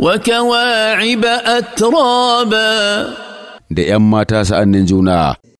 وكواعب أترابا da ‘yan mata sa'annin juna.